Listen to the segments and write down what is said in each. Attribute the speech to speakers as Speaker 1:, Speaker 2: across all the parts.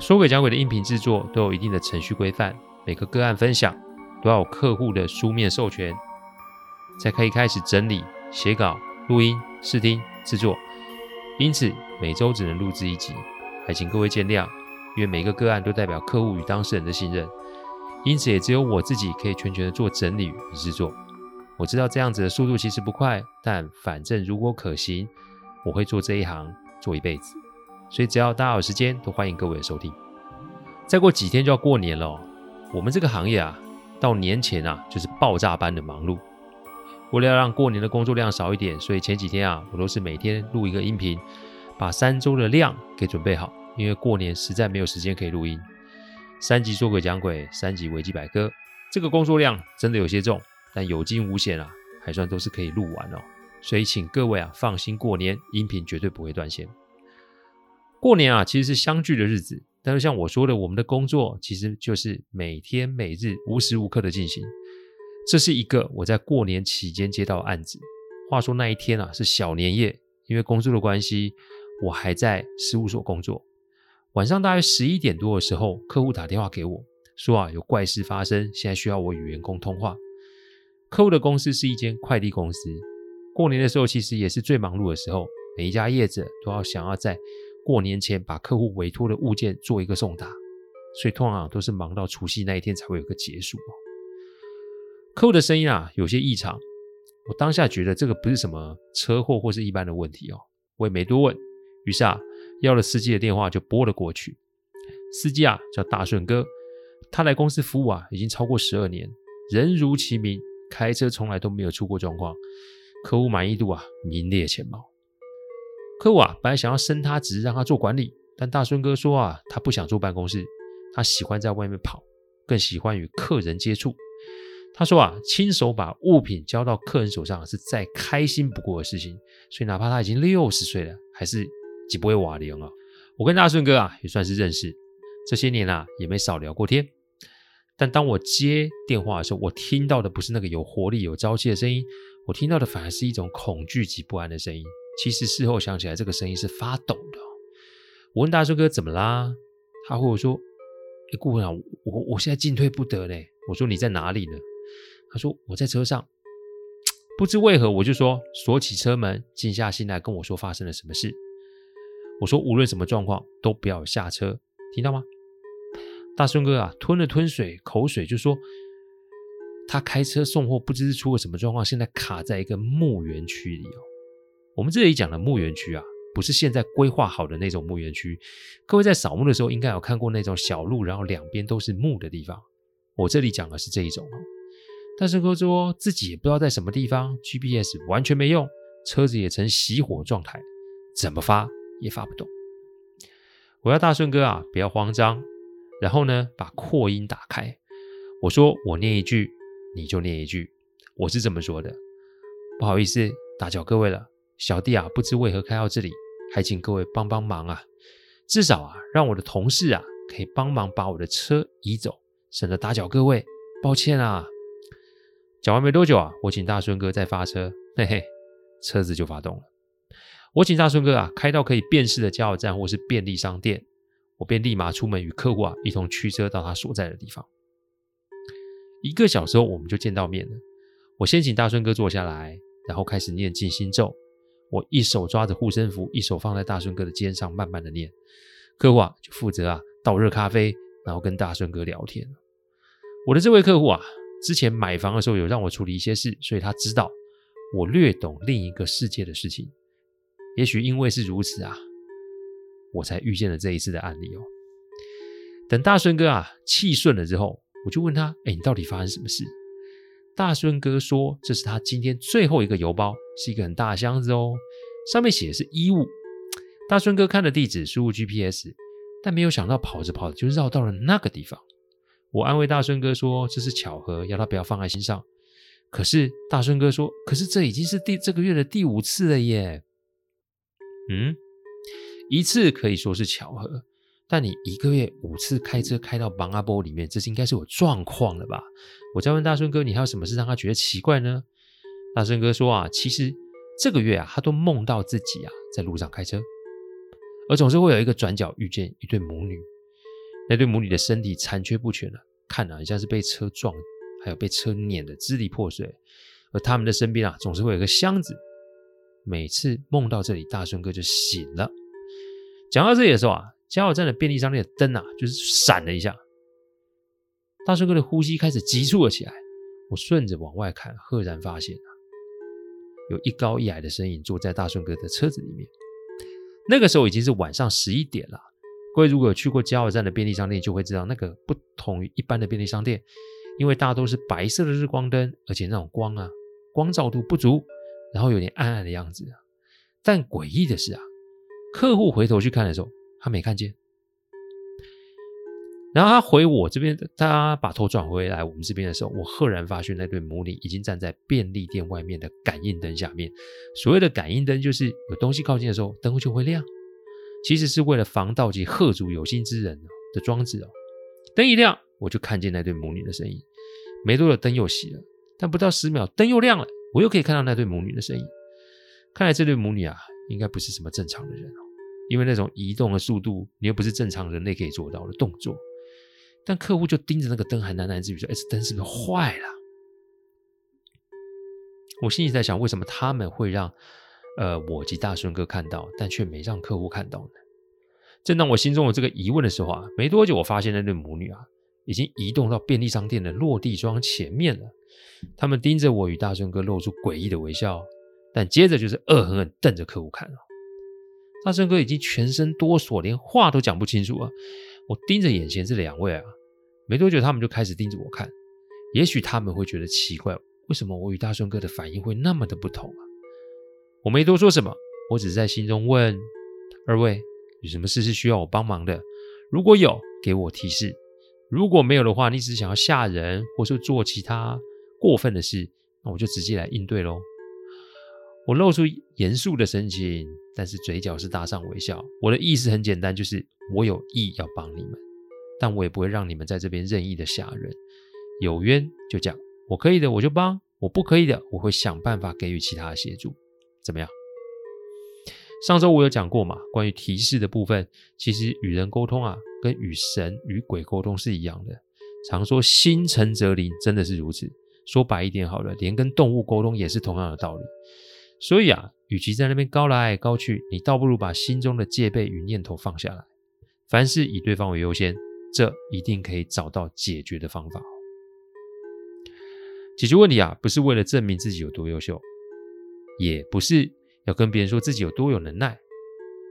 Speaker 1: 說詭講鬼的音頻製作都有一定的程序規範，每個個案分享都要有客戶的書面授權，才可以開始整理、寫稿、錄音、試聽、製作。因此每周只能錄製一集，還請各位見諒。因為每個個案都代表客戶與當事人的信任，因此也只有我自己可以全權的做整理與製作。我知道這樣子的速度其實不快，但反正如果可行，我會做這一行做一輩子。所以只要大家有時間，都歡迎各位的收聽。再過幾天就要過年了哦，我們這個行業啊，到年前啊就是爆炸般的忙碌。為了要讓過年的工作量少一點，所以前幾天啊，我都是每天錄一個音頻，把三周的量給準備好。因為過年實在沒有時間可以錄音。三集說詭講鬼，三集維基百科，這個工作量真的有些重，但有驚無險啊，還算都是可以錄完哦。所以請各位啊放心過年，音頻絕對不會斷線。過年啊，其實是相聚的日子，但是像我說的，我們的工作其實就是每天每日無時無刻的進行。這是一個我在過年期間接到的案子。話說那一天啊，是小年夜，因為工作的關係，我還在事務所工作。晚上大約十一點多的時候，客戶打電話給我，說啊，有怪事發生，現在需要我與員工通話。客戶的公司是一間快遞公司，過年的時候其實也是最忙碌的時候，每一家業者都要想要在。過年前把客戶委托的物件做一個送達，所以通常啊，都是忙到除夕那一天才會有個結束哦。客戶的聲音啊有些異常，我當下覺得這個不是什麼車禍或是一般的問題哦，我也沒多問。於是啊，要了司機的電話，就撥了過去。司機啊叫大順哥，他來公司服務啊已經超過十二年，人如其名，開車從來都沒有出過狀況，客戶滿意度啊名列前茅。客戶啊，本來想要升他職，讓他做管理。但大順哥說啊，他不想坐辦公室，他喜歡在外面跑，更喜歡與客人接觸。他說啊，親手把物品交到客人手上是再開心不過的事情。所以，哪怕他已經六十歲了，還是幾不會瓦涼了。我跟大順哥啊也算是認識，這些年啊也沒少聊過天。但當我接電話的時候，我聽到的不是那個有活力、有朝氣的聲音，我聽到的反而是一種恐懼及不安的聲音。其實事後想起來，這個聲音是發抖的，哦。我問大順哥怎麼啦？他和我說：“哎、欸，顧問啊，我我現在進退不得嘞。”我說：“你在哪裡呢？”他說：“我在車上。”不知為何，我就說鎖起車門，靜下心來跟我說發生了什麼事。我說：“無論什麼狀況，都不要有下車，聽到嗎？”大順哥啊，吞了吞水口水，就說：“他開車送貨，不知是出了什麼狀況，現在卡在一個墓園區裡哦。”我們這裡講的墓園區啊，不是現在規劃好的那種墓園區。各位在掃墓的時候，應該有看過那種小路，然後兩邊都是墓的地方。我這裡講的是這一種啊。大順哥說，自己也不知道在什麼地方，GPS 完全沒用，車子也呈熄火狀態，怎麼發也發不動。我要大順哥啊，不要慌張，然後呢，把擴音打開。我說我念一句，你就念一句。我是這麼說的。不好意思，打攪各位了。小弟啊，不知為何開到這裡，還請各位幫幫忙啊！至少啊，讓我的同事啊可以幫忙把我的車移走，省得打攪各位。抱歉啊！講完沒多久啊，我請大孫哥再發車，嘿嘿，車子就發動了。我請大孫哥啊開到可以辨識的加油站或是便利商店，我便立馬出門與客戶啊一同驅車到他所在的地方。一個小時後，我們就見到面了。我先請大孫哥坐下來，然後開始念靜心咒。我一手抓着護身符，一手放在大順哥的肩上，慢慢的念。客戶啊，就負責啊倒熱咖啡，然後跟大順哥聊天。我的這位客戶啊，之前買房的時候有讓我處理一些事，所以他知道我略懂另一個世界的事情。也許因為是如此啊，我才遇見了這一次的案例哦。等大順哥啊氣順了之後，我就問他，哎、欸，你到底發生什麼事？大順哥說：“這是他今天最後一個郵包，是一個很大箱子哦，上面寫的是衣物。”大順哥看了地址，輸入 GPS，但沒有想到跑着跑着就繞到了那個地方。我安慰大順哥說：“這是巧合，要他不要放在心上。”可是大順哥說：“可是這已經是第這個月的第五次了耶。”嗯，一次可以說是巧合。但你一個月五次開車開到綁阿波裡面，這是應該是有狀況了吧？我再問大順哥，你還有什麼事讓他覺得奇怪呢？大順哥說啊，其實這個月啊，他都夢到自己啊在路上開車，而總是會有一個轉角遇見一對母女，那對母女的身體殘缺不全了，啊，看了，啊、好像是被車撞，還有被車碾得支離破碎，而他們的身邊啊，總是會有一個箱子，每次夢到這裡，大順哥就醒了。講到這裡的時候啊。加油站的便利商店的燈啊，就是閃了一下。大順哥的呼吸開始急促了起來。我順着往外看，赫然發現啊，有一高一矮的身影坐在大順哥的車子裡面。那個時候已經是晚上十一點了。各位如果有去過加油站的便利商店，就會知道那個不同於一般的便利商店，因為大多是白色的日光燈，而且那種光啊，光照度不足，然後有點暗暗的樣子、啊。但詭異的是啊，客戶回頭去看的時候。他沒看見，然後他回我這邊，他把頭轉回來我們這邊的時候，我赫然發現那對母女已經站在便利店外面的感應燈下面。所謂的感應燈，就是有東西靠近的時候燈就會亮，其實是為了防盜及嚇阻有心之人的裝置哦。燈一亮，我就看見那對母女的身影。沒多久，燈又熄了，但不到十秒，燈又亮了，我又可以看到那對母女的身影。看來這對母女啊，應該不是什麼正常的人哦。因為那種移動的速度，你又不是正常人類可以做到的動作。但客戶就盯着那個燈，還喃喃自語說：“哎，這燈是不是壞了？”我心裡在想，為什麼他們會讓呃我及大順哥看到，但卻沒讓客戶看到呢？正當我心中有這個疑問的時候啊，沒多久，我發現那對母女啊，已經移動到便利商店的落地窗前面了。他們盯着我與大順哥，露出詭異的微笑，但接着就是惡狠狠瞪着客戶看了。大順哥已經全身哆嗦，連話都講不清楚啊！我盯着眼前這兩位啊，沒多久，他們就開始盯着我看。也許他們會覺得奇怪，為什麼我與大順哥的反應會那麼的不同啊？我沒多說什麼，我只是在心中問：二位有什麼事是需要我幫忙的？如果有，給我提示；如果沒有的話，你只是想要嚇人，或是做其他過分的事，那我就直接來應對嘍。我露出嚴肅的神情，但是嘴角是搭上微笑。我的意思很簡單，就是我有意要幫你們，但我也不會讓你們在這邊任意的嚇人。有冤就講，我可以的我就幫，我不可以的我會想辦法給予其他的協助。怎麼樣？上周我有講過嘛，關於提示的部分，其實與人溝通啊，跟與神與鬼溝通是一樣的。常說心誠則靈，真的是如此。說白一點好了，連跟動物溝通也是同樣的道理。所以啊，與其在那邊高來高去，你倒不如把心中的戒備與念頭放下來。凡事以對方為優先，這一定可以找到解決的方法。解決問題啊，不是為了證明自己有多優秀，也不是要跟別人說自己有多有能耐。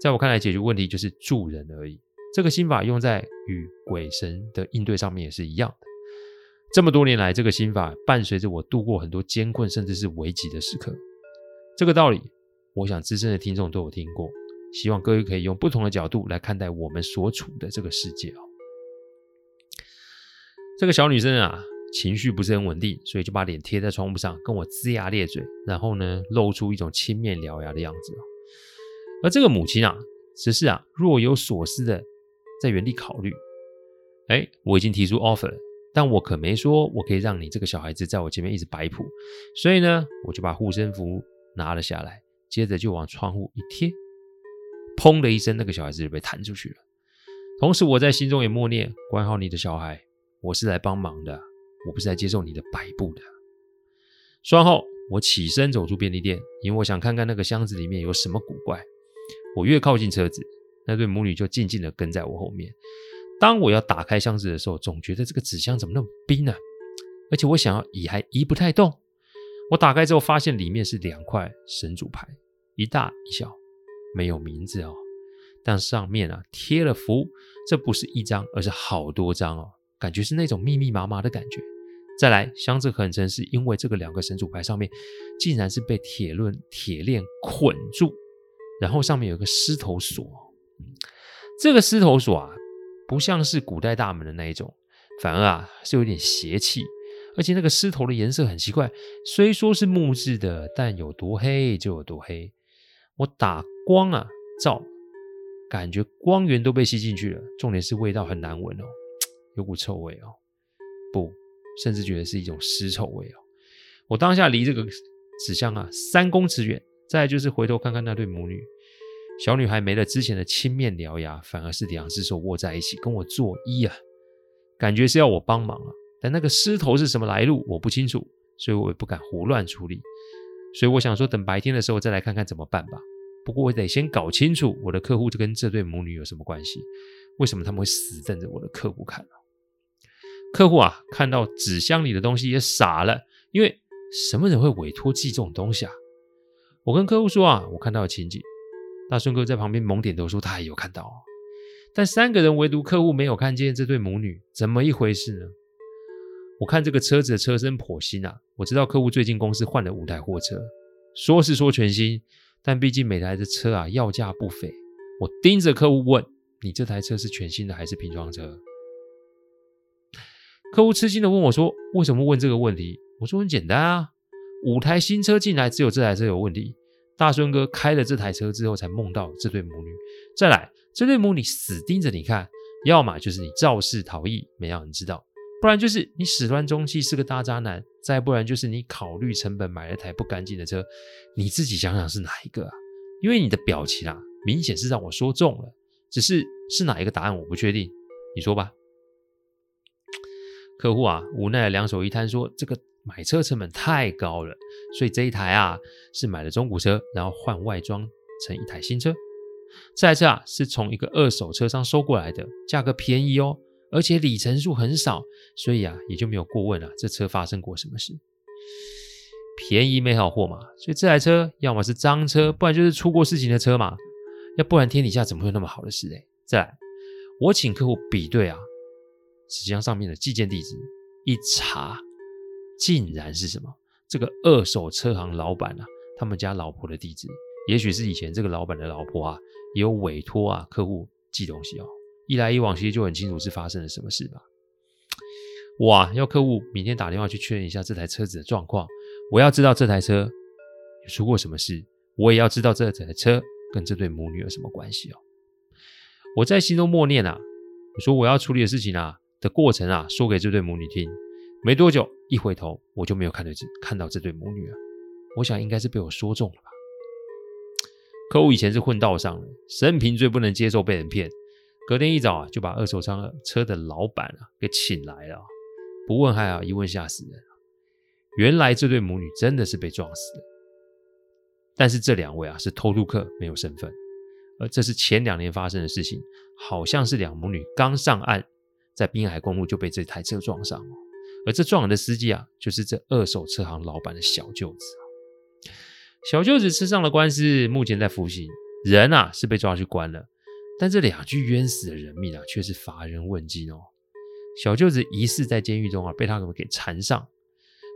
Speaker 1: 在我看來，解決問題就是助人而已。這個心法用在與鬼神的應對上面也是一樣的。這麼多年來，這個心法伴隨着我度過很多艱困甚至是危急的時刻。這個道理，我想資深的聽眾都有聽過。希望各位可以用不同的角度來看待我們所處的這個世界啊。這個小女生啊，情緒不是很穩定，所以就把臉貼在窗戶上，跟我齜牙咧嘴，然後呢，露出一種青面獠牙的樣子。而這個母親啊，只是啊若有所思的在原地考慮。誒，我已經提出 offer 了，但我可沒說我可以讓你這個小孩子在我前面一直擺譜，所以呢，我就把護身符，拿了下來，接着就往窗戶一貼，砰的一聲，那個小孩子就被彈出去了。同時，我在心中也默念：“管好你的小孩，我是來幫忙的，我不是來接受你的擺佈的。”說完後，我起身走出便利店，因為我想看看那個箱子裡面有什麼古怪。我越靠近車子，那對母女就靜靜的跟在我後面。當我要打開箱子的時候，總覺得這個紙箱怎麼那麼冰呢、啊？而且我想要移還移不太動。我打開之後，發現裡面是兩塊神主牌，一大一小，沒有名字哦，但上面啊貼了符，這不是一張，而是好多張哦，感覺是那種密密麻麻的感覺。再來，箱子很沉，是因為這個兩個神主牌上面，竟然是被鐵鏈、鐵鏈綑住，然後上面有個獅頭鎖，這個獅頭鎖啊，不像是古代大門的那一種，反而啊是有點邪氣。而且那個獅頭的顏色很奇怪，雖說是木質的，但有多黑就有多黑。我打光啊照，感覺光源都被吸進去了。重點是味道很難聞哦，有股臭味哦，不，甚至覺得是一種屍臭味哦。我當下離這個紙箱啊三公尺遠，再就是回頭看看那對母女，小女孩沒了之前的青面獠牙，反而是兩隻手握在一起跟我作揖啊，感覺是要我幫忙啊。但那個屍頭是什麼來路，我不清楚，所以我也不敢胡亂處理。所以我想說，等白天的時候再來看看怎麼辦吧。不過我得先搞清楚我的客戶跟這對母女有什麼關係，為什麼他們會死瞪着我的客戶看啊？客戶啊，看到紙箱裡的東西也傻了，因為什麼人會委託寄這種東西啊？我跟客戶說啊，我看到了情景，大順哥在旁邊猛點頭說他也有看到啊，但三個人唯獨客戶沒有看見這對母女，怎麼一回事呢？我看這個車子的車身頗新啊！我知道客戶最近公司換了五台貨車，說是說全新，但畢竟每台的車啊，要價不菲。我盯着客戶問：“你這台車是全新的還是拼裝車？”客戶吃驚的問我說：“為什麼問這個問題？”我說：“很簡單啊，五台新車進來，只有這台車有問題。大孫哥開了這台車之後，才夢到這對母女。再來，這對母女死盯着你看，要麼就是你肇事逃逸，沒讓人知道。”不然就是你始亂終棄是個大渣男，再不然就是你考慮成本買了台不乾淨的車，你自己想想是哪一個啊？因為你的表情啊，明顯是讓我說中了，只是是哪一個答案我不確定，你說吧。客戶啊，無奈兩手一攤說：“這個買車成本太高了，所以這一台啊是買的中古車，然後換外裝成一台新車。這台車啊是從一個二手車商收過來的，價格便宜哦。”而且里程數很少，所以啊，也就沒有過問啊，這車發生過什麼事？便宜沒好貨嘛，所以這台車要麼是髒車，不然就是出過事情的車嘛，要不然天底下怎麼會那麼好的事呢？再來，我請客戶比對啊，紙箱上面的寄件地址一查，竟然是什麼？這個二手車行老板啊，他們家老婆的地址，也許是以前這個老板的老婆啊，有委托啊客戶寄東西哦。一來一往，其實就很清楚是發生了什麼事吧？我啊！要客戶明天打電話去確認一下這台車子的狀況。我要知道這台車有出過什麼事，我也要知道這台車跟這對母女有什麼關係哦。我在心中默念啊，說我要處理的事情啊的過程啊，說給這對母女聽。沒多久，一回頭我就沒有看到這看到這對母女了，啊。我想應該是被我說中了吧？客戶以前是混道上的，生平最不能接受被人騙。隔天一早啊，就把二手車車的老板啊給請來了啊。不問還好，一問嚇死人啊。原來這對母女真的是被撞死的。但是這兩位啊是偷渡客，沒有身份。而這是前兩年發生的事情，好像是兩母女剛上岸，在濱海公路就被這台車撞上了。而這撞人的司機啊，就是這二手車行老板的小舅子。小舅子吃上了官司，目前在服刑。人啊是被抓去關了。但這兩具冤死的人命啊，卻是乏人問津哦。小舅子疑似在監獄中啊，被他們給纏上，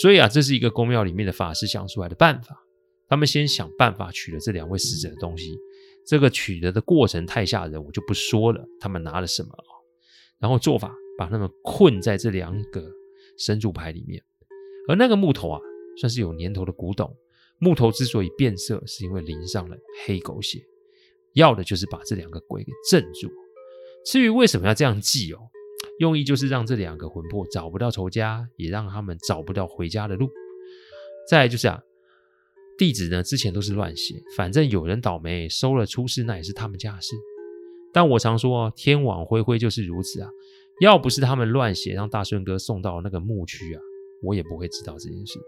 Speaker 1: 所以啊，這是一個宮廟裡面的法師想出來的辦法。他們先想辦法取了這兩位死者的東西，這個取得的過程太嚇人，我就不說了。他們拿了什麼啊？然後做法把他們困在這兩個神主牌裡面，而那個木頭啊，算是有年頭的古董。木頭之所以變色，是因為淋上了黑狗血。要的就是把這兩個鬼給鎮住。至於為什麼要這樣記哦，用意就是讓這兩個魂魄找不到仇家，也讓他們找不到回家的路。再來就是啊，地址呢之前都是亂寫，反正有人倒霉收了出事，那也是他們家的事。但我常說，天網恢恢就是如此啊。要不是他們亂寫，讓大順哥送到那個墓區啊，我也不會知道這件事。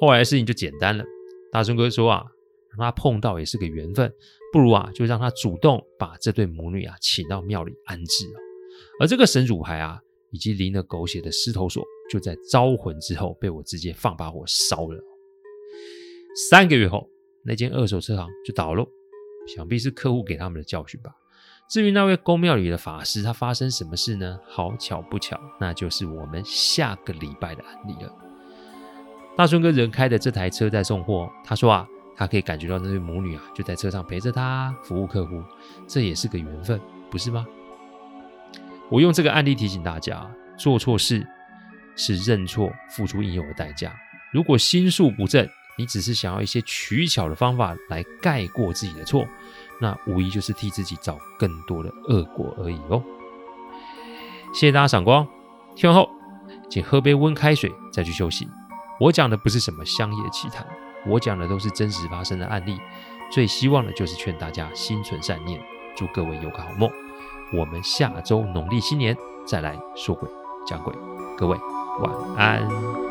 Speaker 1: 後來的事情就簡單了，大順哥說啊。讓他碰到也是個緣分，不如啊，就讓他主動把這對母女啊請到廟裡安置哦。而這個神主牌啊，以及淋了狗血的獅頭鎖，就在招魂之後被我直接放把火燒了。三個月後，那間二手車行就倒了，想必是客戶給他們的教訓吧。至於那位宮廟裡的法師，他發生什麼事呢？好巧不巧，那就是我們下個禮拜的案例了。大順哥人開的這台車在送貨，他說啊。他可以感覺到那對母女啊，就在車上陪着他服務客戶，這也是個緣分，不是嗎？我用這個案例提醒大家，做錯事是認錯，付出應有的代價。如果心術不正，你只是想要一些取巧的方法來蓋過自己的錯，那無疑就是替自己找更多的惡果而已哦。謝謝大家賞光，聽完後請喝杯溫開水再去休息。我講的不是什麼香艷奇談。我講的都是真實發生的案例，最希望的就是勸大家心存善念，祝各位有個好夢。我們下周農曆新年再來說詭講鬼，各位晚安。